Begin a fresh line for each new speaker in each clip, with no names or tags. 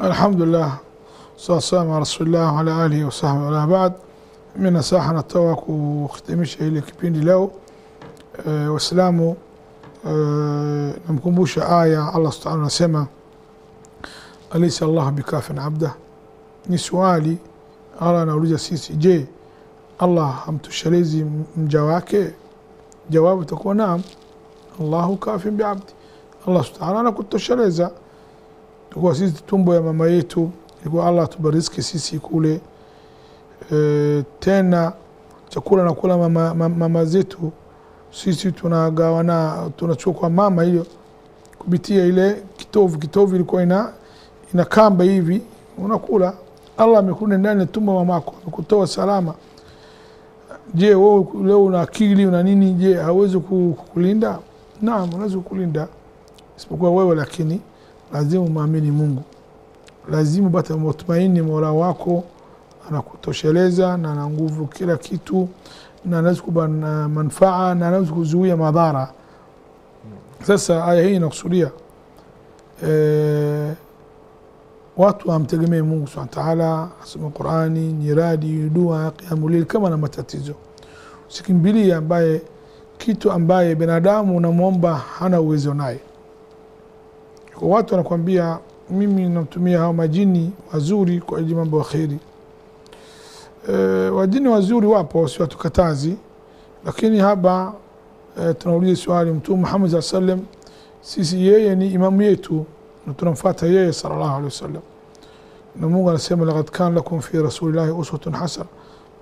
الحمد لله صلى الله على رسول الله وعلى آله وصحبه وعلى بعد من ساحنا التوق وختمش إلى كبين لو وسلامه نمكم بوش آية الله سبحانه وتعالى سما أليس الله بكاف عبده نسوالي أنا أريد سيسي جي الله هم تشريزي من جواك جواب تقول نعم الله كاف بعبدي الله سبحانه وتعالى أنا كنت تشريزي Tulikuwa sisi tumbo ya mama yetu, ilikuwa Allah tubariski sisi kule e, tena chakula nakula mama, mama zetu sisi tunagawana, tunachukua kwa mama hiyo kupitia ile kitovu. Kitovu ilikuwa ina, ina kamba hivi, unakula. Allah amekuna ndani tumbo mamako, amekutoa salama. Je, wewe leo una akili una nini? Je, hawezi kukulinda? Naam, unaweza kukulinda isipokuwa wewe lakini lazima umwamini Mungu, lazima upate matumaini. Mola wako anakutosheleza na ana nguvu kila kitu, na anaweza kuba na manfaa na anaweza kuzuia madhara. Sasa aya hii inakusudia e, watu wamtegemee Mungu subhana wataala, taala, asome Qurani, nyiradi, dua, lili kama na matatizo. sikimbilia, ambaye kitu ambaye binadamu unamwomba hana uwezo naye watu wanakuambia mimi namtumia hao majini wazuri kwa ajili mambo ya kheri. E, wajini wazuri wapo, si siwatukatazi, lakini hapa e, tunauliza swali, Mtume Muhammad saa sallam, sisi yeye ni imamu yetu na tunamfuata yeye sallallahu alaihi wasallam, na Mungu anasema lakad kana lakum fi rasulillahi uswatun hasana,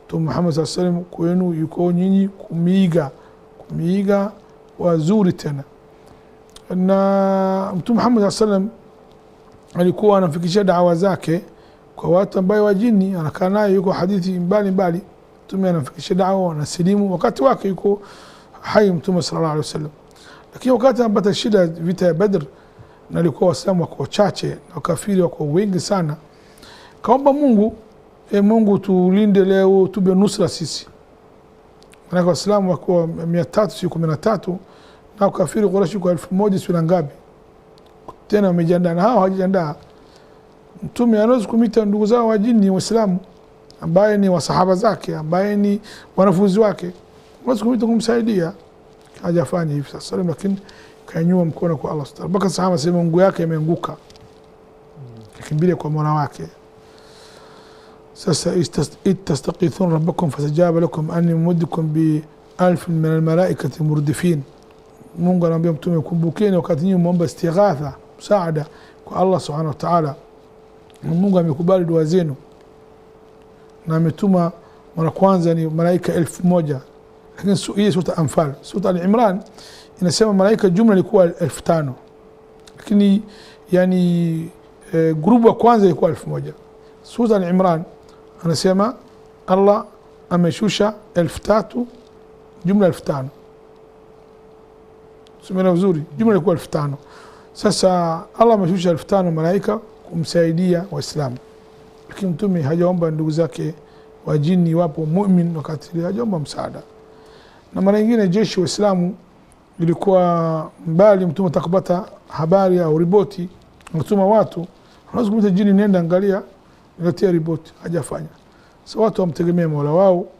Mtume Muhammad saa sallam kwenu yuko nyinyi kumiiga kumiiga wazuri tena na Mtume Muhammad saa salam alikuwa anamfikishia dawa zake kwa watu ambaye wajini anakaa naye, yuko hadithi mbali mbali, Mtume anamfikishia dawa, wanasilimu wakati wake, yuko hai Mtume sallallahu alaihi wasallam. Lakini wakati anapata shida, vita ya Badr, na alikuwa Waislamu wako wachache na wakafiri wako wengi sana, kaomba Mungu e, Mungu tulinde leo, tube nusra sisi, manake Waislamu wako mia tatu siku kumi na tatu na kukafiri Quraishi kwa elfu moja si na ngapi tena wamejiandaa na hao hawajiandaa. Mtume anaweza kumita ndugu zao wa jini Waislamu ambaye ni wasahaba zake ambaye ni wanafunzi wake, anaweza kumita kumsaidia, hajafanya hivi sasa, lakini kanyua mkono kwa Allah subhanahu mpaka sahaba sema mguu yake imeanguka, akimbilia kwa Mola wake. Sasa itastaqithun rabbakum fasajaba lakum anni mumuddukum bi alfin min almalaikati murdifin Mungu anamwambia Mtume, kumbukeni wakati nyinyi muomba istighatha, msaada kwa Allah subhanahu wa ta'ala, Mungu amekubali dua zenu na ametuma mara kwanza ni malaika elfu moja lakini hii sura Anfal, sura Al-Imran inasema malaika jumla ilikuwa elfu tano lakini yani e, grupu ya kwanza ilikuwa elfu moja Sura Al-Imran anasema Allah ameshusha elfu tatu jumla elfu tano Sumena vizuri, jumla ilikuwa elfu tano. Sasa Allah ameshusha elfu tano malaika kumsaidia Waislamu, lakini mtume hajaomba ndugu zake wajini wapo mumin wakati ile hajaomba msaada. Na mara nyingine jeshi Waislamu ilikuwa mbali, mtume atakapata habari au ripoti anatuma watu, anaweza jini, nenda angalia, niletea ripoti. Hajafanya. Sasa watu wamtegemea mola wao.